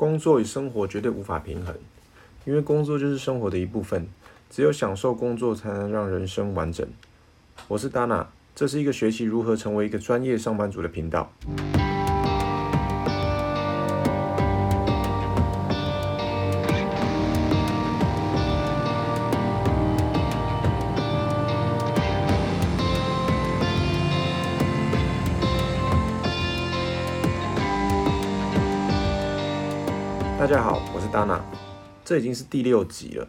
工作與生活絕對無法平衡，因為工作就是生活的一部分。只有享受工作，才能讓人生完整。我是 Dana，這是一個學習如何成為一個專業上班族的頻道。那，這已經是第六集了。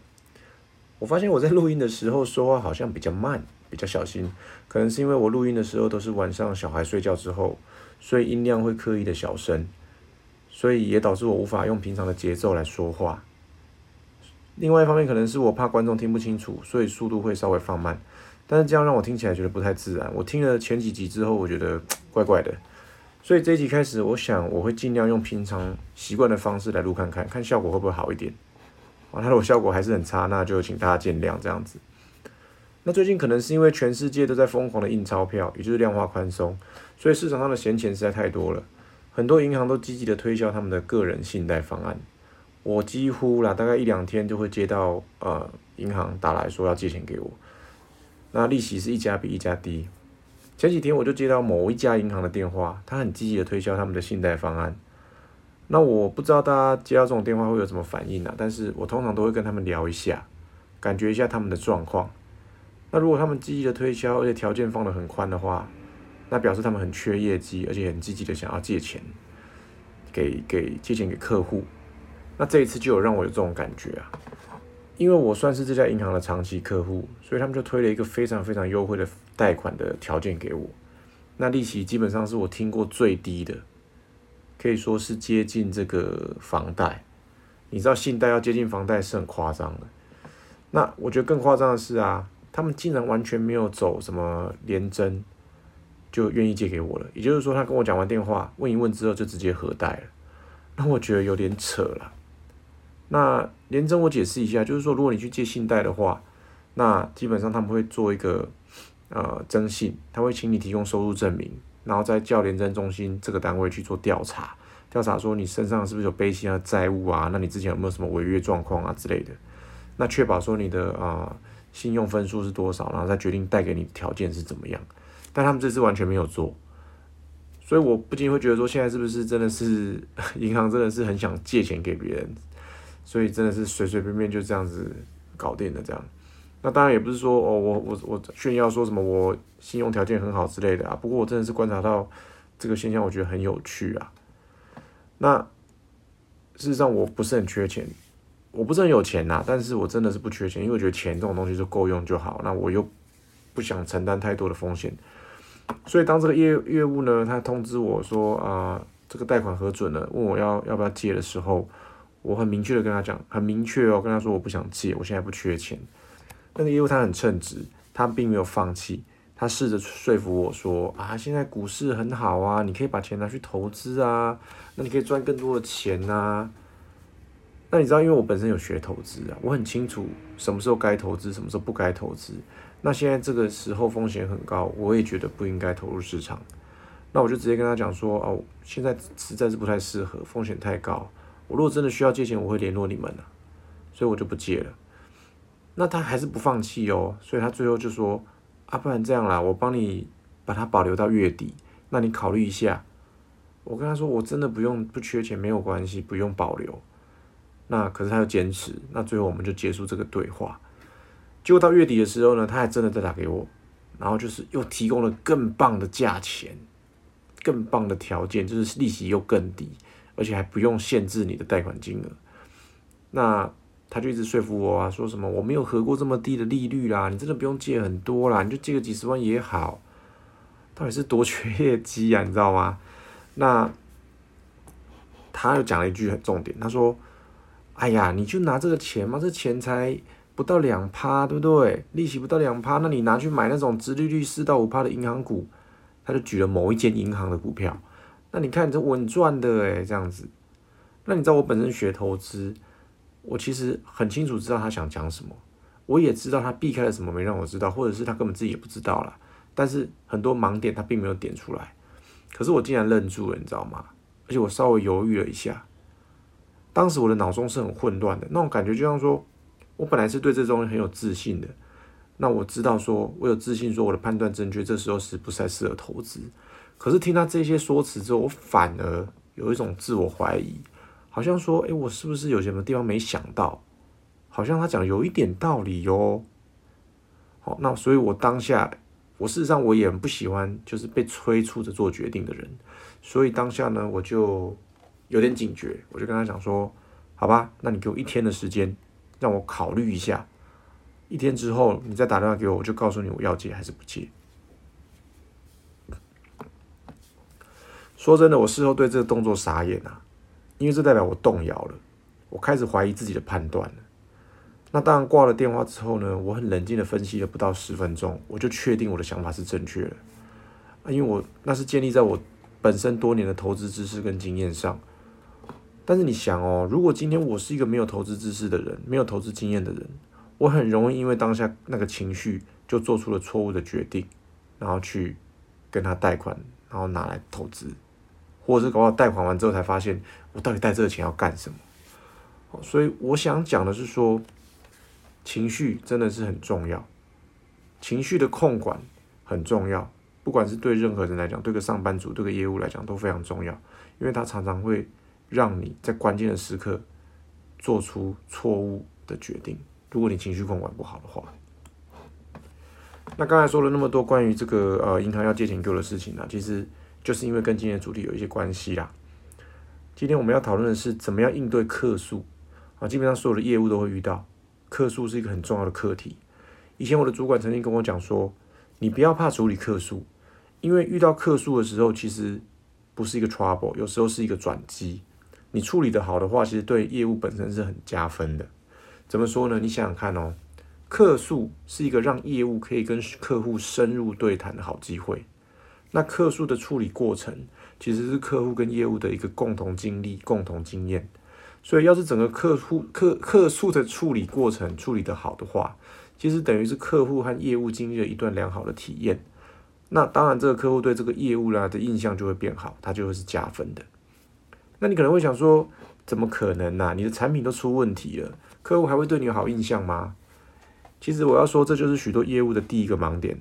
我發現我在錄音的時候說話好像比較慢，比較小心，可能是因為我錄音的時候都是晚上小孩睡覺之後，所以音量會刻意的小聲，所以也導致我無法用平常的節奏來說話。另外一方面，可能是我怕觀眾聽不清楚，所以速度會稍微放慢。但是這樣讓我聽起來覺得不太自然。我聽了前幾集之後，我覺得怪怪的。所以這一集開始，我想我會盡量用平常習慣的方式來錄，看看看效果會不會好一點。啊，如果效果還是很差，那就請大家見諒這樣子。那最近可能是因為全世界都在瘋狂的印鈔票，也就是量化寬鬆，所以市場上的閒錢實在太多了，很多銀行都積極的推銷他們的個人信貸方案。我幾乎啦，大概一兩天就會接到呃銀行打來說要借錢給我，那利息是一家比一家低。前幾天我就接到某一家銀行的電話，他很積極的推銷他們的信貸方案。那我不知道大家接到這種電話會有什麼反應呢、啊？但是我通常都會跟他們聊一下，感覺一下他們的狀況。那如果他們積極的推銷，而且條件放得很寬的話，那表示他們很缺業績，而且很積極的想要借錢，給給借錢給客戶。那這一次就有讓我有這種感覺啊。因為我算是這家銀行的長期客戶，所以他們就推了一個非常非常優惠的貸款的條件給我。那利息基本上是我聽過最低的，可以說是接近這個房貸。你知道信貸要接近房貸是很誇張的。那我覺得更誇張的是啊，他們竟然完全沒有走什麼聯徵，就願意借給我了。也就是說，他跟我講完電話，問一問之後就直接核貸了，那我覺得有點扯了。那聯徵，聯徵我解釋一下，就是說，如果你去借信貸的話，那基本上他們會做一個呃徵信，他會請你提供收入證明，然後再叫聯徵中心這個單位去做調查，調查說你身上是不是有背信啊、債務啊，那你之前有沒有什麼違約狀況啊之類的，那確保說你的啊、呃、信用分數是多少，然後再決定貸給你的條件是怎麼樣。但他們這次完全沒有做，所以我不禁會覺得說，現在是不是真的是銀行真的是很想借錢給別人？所以真的是隨隨便便就這樣子搞定的，這樣。那當然也不是說哦，我我我炫耀說什麼我信用條件很好之類的啊。不過我真的是觀察到這個現象，我覺得很有趣啊。那事實上我不是很缺錢，我不是很有錢吶、啊，但是我真的是不缺錢，因為我覺得錢這種東西就夠用就好。那我又不想承擔太多的風險，所以當這個業業務呢，他通知我說啊、呃，這個貸款核准了，問我要要不要借的時候。我很明確的跟他講，很明確哦，跟他說我不想借，我現在不缺錢。那個業務他很稱職，他並沒有放棄，他試着說服我說啊，現在股市很好啊，你可以把錢拿去投資啊，那你可以賺更多的錢啊。那你知道，因為我本身有學投資啊，我很清楚什麼時候該投資，什麼時候不該投資。那現在這個時候風險很高，我也覺得不應該投入市場。那我就直接跟他講說哦、啊，現在實在是不太適合，風險太高。我如果真的需要借錢，我會聯絡你們的啊，所以我就不借了。那他還是不放棄哦，所以他最後就說：“啊，不然這樣啦，我幫你把它保留到月底，那你考慮一下。”我跟他說：“我真的不用，不缺錢，沒有關係，不用保留。”那可是他要堅持，那最後我們就結束這個對話。結果到月底的時候呢，他還真的再打給我，然後就是又提供了更棒的價錢，更棒的條件，就是利息又更低。而且還不用限制你的貸款金額，那他就一直說服我啊，說什麼我沒有合過這麼低的利率啦，你真的不用借很多啦，你就借個幾十萬也好。到底是多缺業績啊，你知道嗎？那他又講了一句很重點，他說：“哎呀，你就拿這個錢嘛，這個錢才不到兩趴，對不對？利息不到兩趴，那你拿去買那種殖利率四到五趴的銀行股。”他就舉了某一間銀行的股票。那你看，你這穩賺的誒。這樣子。那你知道我本身學投資，我其實很清楚知道他想講什麼，我也知道他避開了什麼沒讓我知道，或者是他根本自己也不知道啦。但是很多盲點他並沒有點出來，可是我竟然愣住了，你知道嗎？而且我稍微猶豫了一下，當時我的腦中是很混亂的，那種感覺就像說，我本來是對這東西很有自信的，那我知道說，我有自信說我的判斷正確，這時候是不是適合投資？可是聽他這些說辭之後，我反而有一種自我懷疑，好像說，哎，我是不是有什麼地方沒想到？好像他講有一點道理喲。好，那所以我當下，我事實上我也不喜歡就是被催促着做決定的人，所以當下呢，我就有點警覺，我就跟他講說，好吧，那你給我一天的時間，讓我考慮一下，一天之後你再打電話給我，我就告訴你我要接還是不接。說真的，我事後對這個動作傻眼啊，因為這代表我動搖了，我開始懷疑自己的判斷了。那當然掛了電話之後呢，我很冷靜的分析了不到十分鐘，我就確定我的想法是正確的啊，因為我那是建立在我本身多年的投資知識跟經驗上。但是你想哦，如果今天我是一個沒有投資知識的人，沒有投資經驗的人，我很容易因為當下那個情緒就做出了錯誤的決定，然後去跟他貸款，然後拿來投資。或者是搞到貸款完之後才發現，我到底貸這個錢要幹什麼？所以我想講的是說，情緒真的是很重要，情緒的控管很重要，不管是對任何人來講，對個上班族，對個業務來講，都非常重要，因為它常常會讓你在關鍵的時刻做出錯誤的決定。如果你情緒控管不好的話，那剛才說了那麼多關於這個呃銀行要借錢給我的事情呢、啊，其實。就是因為跟今天的主題有一些關係啦。今天我們要討論的是怎麼樣應對客訴啊，基本上所有的業務都會遇到客訴，是一個很重要的課題。以前我的主管曾經跟我講說，你不要怕處理客訴，因為遇到客訴的時候，其實不是一個 trouble，有時候是一個轉機。你處理得好的話，其實對業務本身是很加分的。怎麼說呢？你想想看哦，客訴是一個讓業務可以跟客戶深入對談的好機會。那客訴的處理過程，其實是客戶跟業務的一個共同經歷、共同經驗。所以，要是整個客戶客客訴的處理過程處理得好的話，其實等於是客戶和業務經歷了一段良好的體驗。那當然，這個客戶對這個業務啦的印象就會變好，他就會是加分的。那你可能會想說，怎麼可能呢、啊？你的產品都出問題了，客戶還會對你有好印象嗎？其實我要說，這就是許多業務的第一個盲點。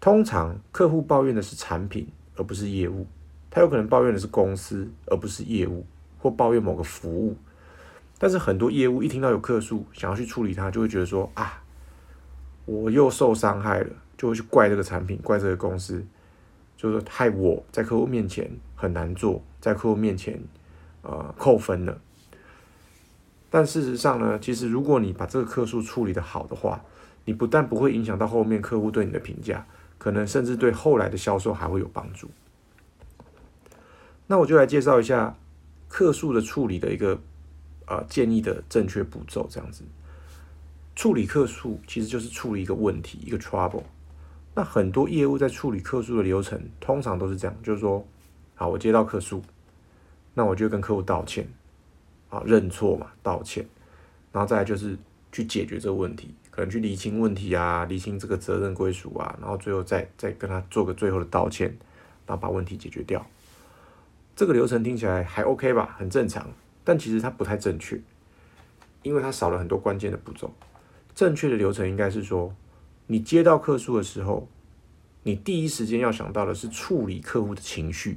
通常客戶抱怨的是產品，而不是業務。他有可能抱怨的是公司，而不是業務，或抱怨某個服務。但是很多業務一聽到有客訴，想要去處理它，就會覺得說啊，我又受傷害了，就會去怪這個產品，怪這個公司，就是害我在客戶面前很難做，在客戶面前呃扣分了。但事實上呢，其實如果你把這個客訴處理得好的話，你不但不會影響到後面客戶對你的評價。可能甚至對後來的銷售還會有幫助。那我就來介紹一下客訴的處理的一個呃建議的正確步驟。這樣子處理客訴其實就是處理一個問題，一個 trouble。那很多業務在處理客訴的流程，通常都是這樣，就是說，好，我接到客訴，那我就跟客戶道歉，啊，認錯嘛，道歉，然後再來就是去解決這個問題。可能去理清問題啊，理清這個責任歸屬啊，然後最後再再跟他做個最後的道歉，然後把問題解決掉。這個流程聽起來還 OK 吧，很正常。但其實它不太正確，因為它少了很多關鍵的步驟。正確的流程應該是說，你接到客訴的時候，你第一時間要想到的是處理客戶的情緒。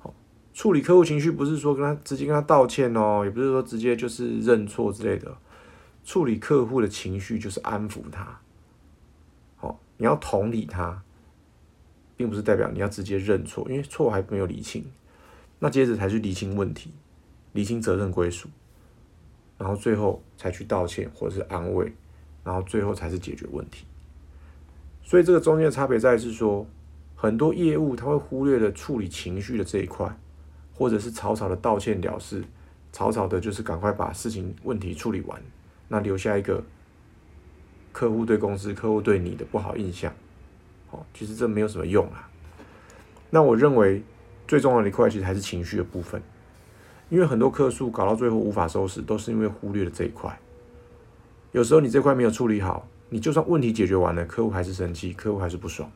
好，處理客戶情緒不是說跟他直接跟他道歉哦，也不是說直接就是認錯之類的。處理客戶的情緒就是安撫他，好，你要同理他，並不是代表你要直接認錯，因為錯還沒有理清。那接着才去理清問題，理清責任歸屬，然後最後才去道歉或者是安慰，然後最後才是解決問題。所以這個中間的差別在於是說，很多業務他會忽略了處理情緒的這一塊，或者是草草的道歉了事，草草的就是趕快把事情問題處理完。那留下一個客戶對公司、客戶對你的不好的印象，哦。其實這沒有什麼用啦。啊，那我認為最重要的一塊其實還是情緒的部分，因為很多客訴搞到最後無法收拾，都是因為忽略了這一塊。有時候你這塊沒有處理好，你就算問題解決完了，客戶還是生氣，客戶還是不爽。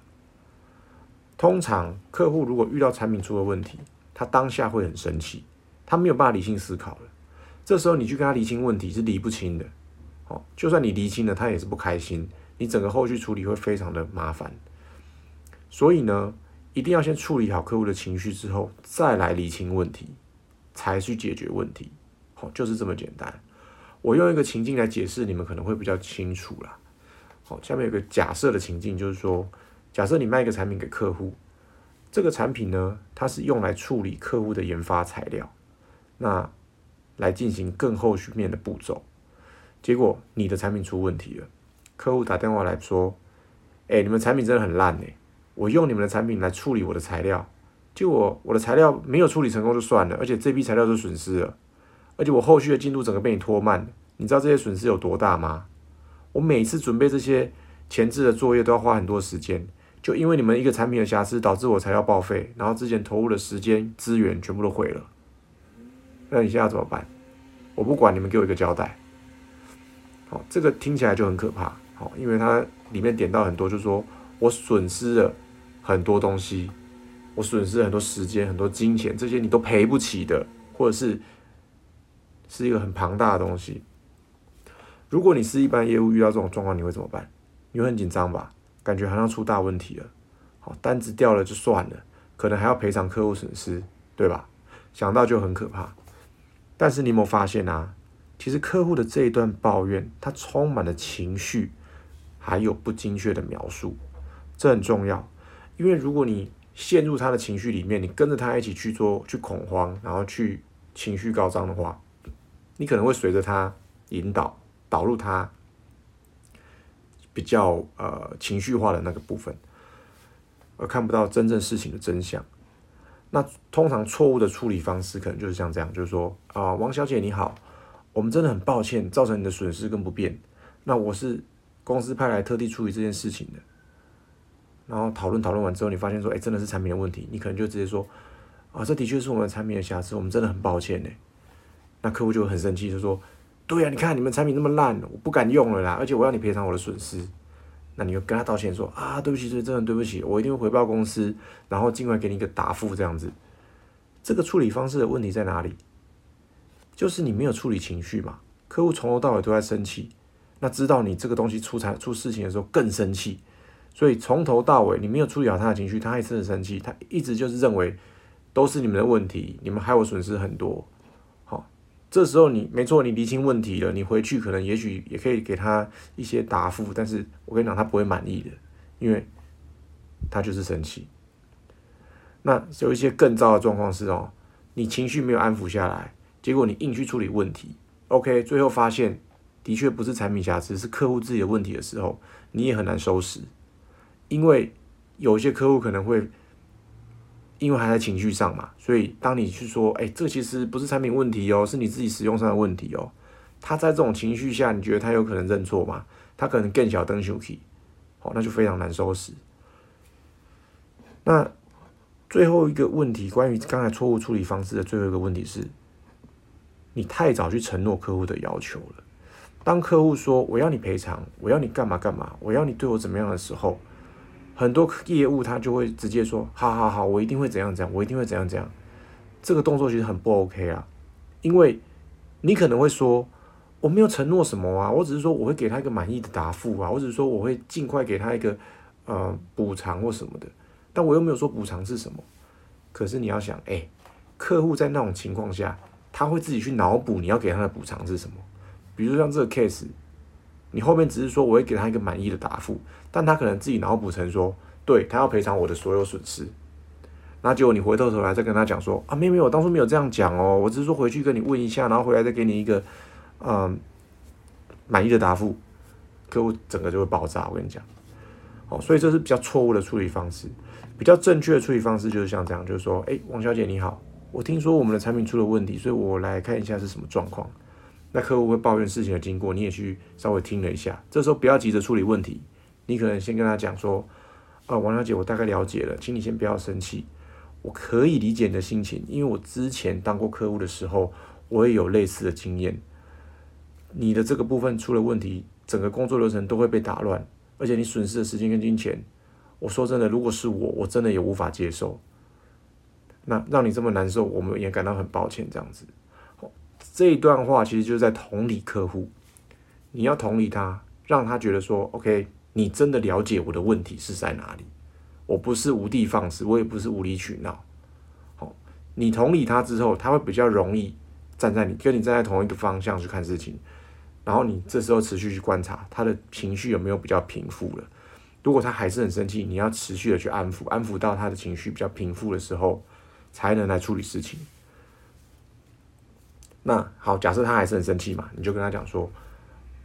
通常客戶如果遇到產品出了問題，他當下會很生氣，他沒有辦法理性思考了。這時候你去跟他理清問題，是理不清的。好，就算你釐清了，他也是不開心，你整個後續處理會非常的麻煩，所以呢，一定要先處理好客戶的情緒之後，再來釐清問題，才去解決問題，好，就是這麼簡單。我用一個情境來解釋，你們可能會比較清楚啦。好，下面有個假設的情境，就是說，假設你賣一個產品給客戶，這個產品呢，它是用來處理客戶的研发材料，那來進行更後續面的步驟。結果你的產品出問題了，客戶打電話來說：“欸，你們產品真的很爛欸！我用你們的產品來處理我的材料，結果我的材料沒有處理成功就算了，而且這批材料都損失了，而且我後續的進度整個被你拖慢了。你知道這些損失有多大嗎？我每次準備這些前置的作業都要花很多時間，就因為你們一個產品的瑕疵導致我材料報廢，然後之前投入的時間資源全部都毀了。那你現在怎麼辦？我不管，你們給我一個交代。”這個聽起來就很可怕，好，因為它裡面點到很多就、就是說我損失了很多東西，我損失了很多時間、很多金錢，這些你都賠不起的，或者是是一個很龐大的東西。如果你是一般業務遇到這種狀況，你會怎麼辦？你會很緊張吧？感覺好像出大問題了。好，單子掉了就算了，可能還要賠償客戶損失，對吧？想到就很可怕。但是你有沒有發現啊？其實客戶的這一段抱怨，他充滿了情緒，還有不精確的描述，這很重要。因為如果你陷入他的情緒裡面，你跟着他一起去做，去恐慌，然後去情緒高漲的話，你可能會隨着他引導，導入他比較呃情緒化的那個部分，而看不到真正事情的真相。那通常錯誤的處理方式，可能就是像這樣，就是說啊、呃，王小姐你好。我們真的很抱歉，造成你的損失跟不便。那我是公司派來特地處理這件事情的。然後討論討論完之後，你發現說，哎、欸，真的是產品的問題，你可能就直接說，啊、哦，這的確是我們產品的瑕疵，我們真的很抱歉呢。那客戶就很生氣，就說，對呀、啊，你看你們產品那麼爛，我不敢用了啦，而且我要你賠償我的損失。那你就跟他道歉說，啊，對不起，這真的對不起，我一定會回報公司，然後盡快給你一個答覆，這樣子。這個處理方式的問題在哪裡？就是你沒有處理情緒嘛，客戶從頭到尾都在生氣，那知道你這個東西出差出事情的時候更生氣，所以從頭到尾你沒有處理好他的情緒，他還是很生氣，他一直就是認為都是你們的問題，你們害我損失很多。好、哦，這時候你沒錯，你理清問題了，你回去可能也許也可以給他一些答覆，但是我跟你講，他不會滿意的，因為他就是生氣。那有一些更糟的狀況是哦，你情緒沒有安撫下來。結果你硬去處理問題，OK，最後發現的確不是產品瑕疵，是客戶自己的問題的時候，你也很難收拾，因為有一些客戶可能會因為還在情緒上嘛，所以當你去說，哎，這其實不是產品問題哦，是你自己使用上的問題哦，他在這種情緒下，你覺得他有可能認錯嗎？他可能更小登羞氣，哦，那就非常難收拾。那最後一個問題，關於剛才錯誤處理方式的最後一個問題，是。你太早去承諾客戶的要求了。當客戶說我要你賠償，我要你幹嘛幹嘛，我要你對我怎麼樣的時候，很多業務他就會直接說好好好，我一定會怎樣怎樣，我一定會怎樣怎樣。這個動作其實很不 OK 啊，因為你可能會說我沒有承諾什麼啊，我只是說我會給他一個滿意的答覆啊，我只是說我會儘快給他一個呃補償或什麼的，但我又沒有說補償是什麼。可是你要想，誒、欸，客戶在那種情況下。他會自己去腦補你要給他的補償是什麼，比如像這個 case，你後面只是說我會給他一個滿意的答覆，但他可能自己腦補成說，對他要賠償我的所有損失，那結果你回頭頭來再跟他講說啊沒有沒有，我當初沒有這樣講哦，我只是說回去跟你問一下，然後回來再給你一個嗯滿意的答覆，客戶整個就會爆炸，我跟你講，哦，所以這是比較錯誤的處理方式，比較正確的處理方式就是像這樣，就是說，哎，王小姐你好。我聽說我們的產品出了問題，所以我來看一下是什麼狀況。那客戶會抱怨事情的經過，你也去稍微聽了一下。這時候不要急着處理問題，你可能先跟他講說：“啊，王小姐，我大概了解了，請你先不要生氣，我可以理解你的心情，因為我之前當過客戶的時候，我也有類似的經驗。你的這個部分出了問題，整個工作流程都會被打亂，而且你損失的時間跟金錢，我說真的，如果是我，我真的也無法接受。”那讓你這麼難受，我們也感到很抱歉。這樣子，這一段話其實就在同理客戶，你要同理他，讓他覺得說，OK，你真的了解我的問題是在哪裡，我不是無的放矢，我也不是無理取鬧。好，你同理他之後，他會比較容易站在你，跟你站在同一個方向去看事情。然後你這時候持續去觀察他的情緒有沒有比較平復了。如果他還是很生氣，你要持續的去安撫，安撫到他的情緒比較平復的時候。才能來處理事情。那好，假設他還是很生氣嘛，你就跟他講說，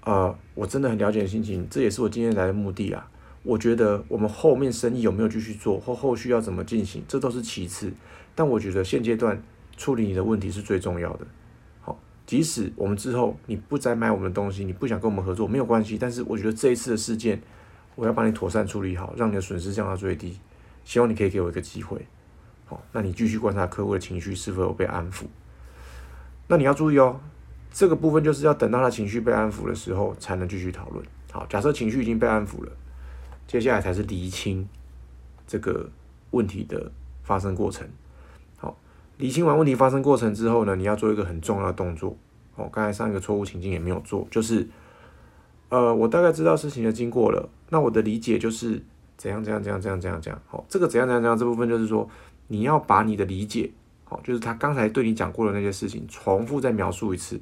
呃，我真的很了解你的心情，這也是我今天來的目的啊。我覺得我們後面生意有沒有繼續做，或後續要怎麼進行，這都是其次。但我覺得現階段處理你的問題是最重要的。好，即使我們之後你不再買我們的東西，你不想跟我們合作，沒有關係。但是我覺得這一次的事件，我要把你妥善處理好，讓你的損失降到最低。希望你可以給我一個機會。好，那你繼續觀察客戶的情緒是否有被安撫。那你要注意哦，這個部分就是要等到他情緒被安撫的時候，才能繼續討論。好，假設情緒已經被安撫了，接下來才是釐清這個問題的發生過程。好，釐清完問題發生過程之後呢，你要做一個很重要的動作。哦，剛才上一個錯誤情境也沒有做，就是，呃，我大概知道事情的經過了。那我的理解就是怎樣怎樣怎樣怎樣怎樣怎樣。好，這個怎樣怎樣怎樣這部分就是說。你要把你的理解，好，就是他剛才對你講過的那些事情，重複再描述一次。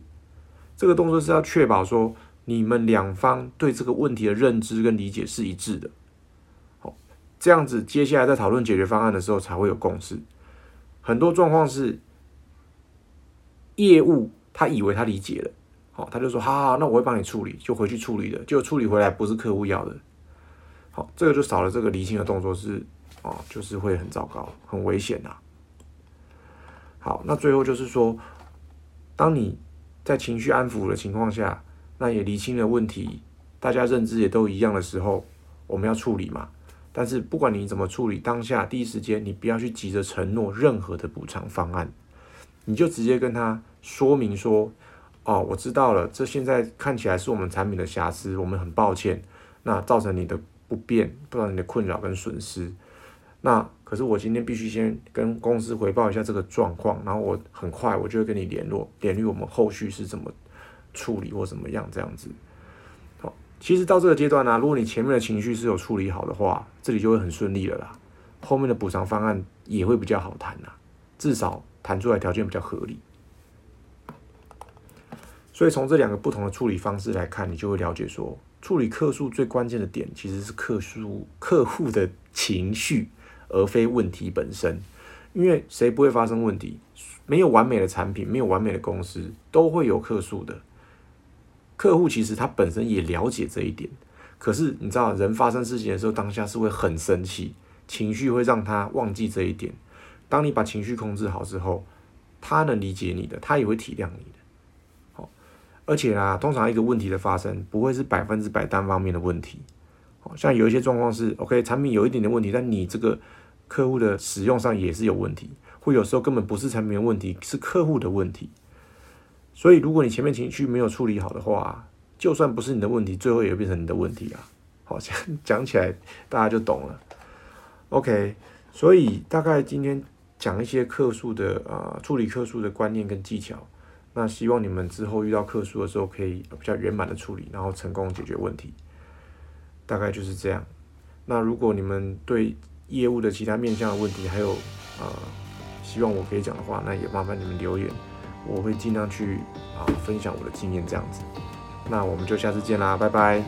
這個動作是要確保說，你們兩方對這個問題的認知跟理解是一致的。好，這樣子接下來在討論解決方案的時候才會有共識。很多狀況是，業務他以為他理解了，好，他就說好好，啊，那我會幫你處理，就回去處理的，就處理回來不是客戶要的。好，這個就少了這個釐清的動作是。哦，就是會很糟糕，很危險啊。好，那最後就是說，當你在情緒安撫的情況下，那也釐清了問題，大家認知也都一樣的時候，我們要處理嘛。但是不管你怎麼處理，當下第一時間你不要去急着承諾任何的補償方案，你就直接跟他說明說：“哦，我知道了，這現在看起來是我們產品的瑕疵，我們很抱歉，那造成你的不便，造成你的困擾跟損失。”那可是，我今天必須先跟公司回報一下這個狀況，然後我很快我就會跟你聯絡，聯絡我們後續是怎麼處理或怎麼樣這樣子。好，其實到這個階段呢，啊，如果你前面的情緒是有處理好的話，這裡就會很順利了啦。後面的補償方案也會比較好談啦，至少談出來條件比較合理。所以從這兩個不同的處理方式來看，你就會了解說，處理客訴最關鍵的點其實是客訴客戶的情緒。而非問題本身，因為誰不會發生問題？沒有完美的產品，沒有完美的公司，都會有客訴的。客戶其實他本身也了解這一點，可是你知道，人發生事情的時候，當下是會很生氣，情緒會讓他忘記這一點。當你把情緒控制好之後，他能理解你的，他也會體諒你的。好，而且啊，通常一個問題的發生，不會是百分之百單方面的問題。好像有一些狀況是 OK，產品有一點點問題，但你這個。客戶的使用上也是有問題，或有時候根本不是產品的問題，是客戶的問題。所以，如果你前面情緒沒有處理好的話，就算不是你的問題，最後也變成你的問題啊！好，講講起來大家就懂了。OK，所以大概今天講一些客訴的呃處理客訴的觀念跟技巧。那希望你們之後遇到客訴的時候，可以比較圓滿的處理，然後成功解決問題。大概就是這樣。那如果你們對業務的其他面向的問題，還有，呃，希望我可以講的話，那也麻煩你們留言，我會盡量去啊，呃，分享我的經驗這樣子。那我們就下次見啦，拜拜。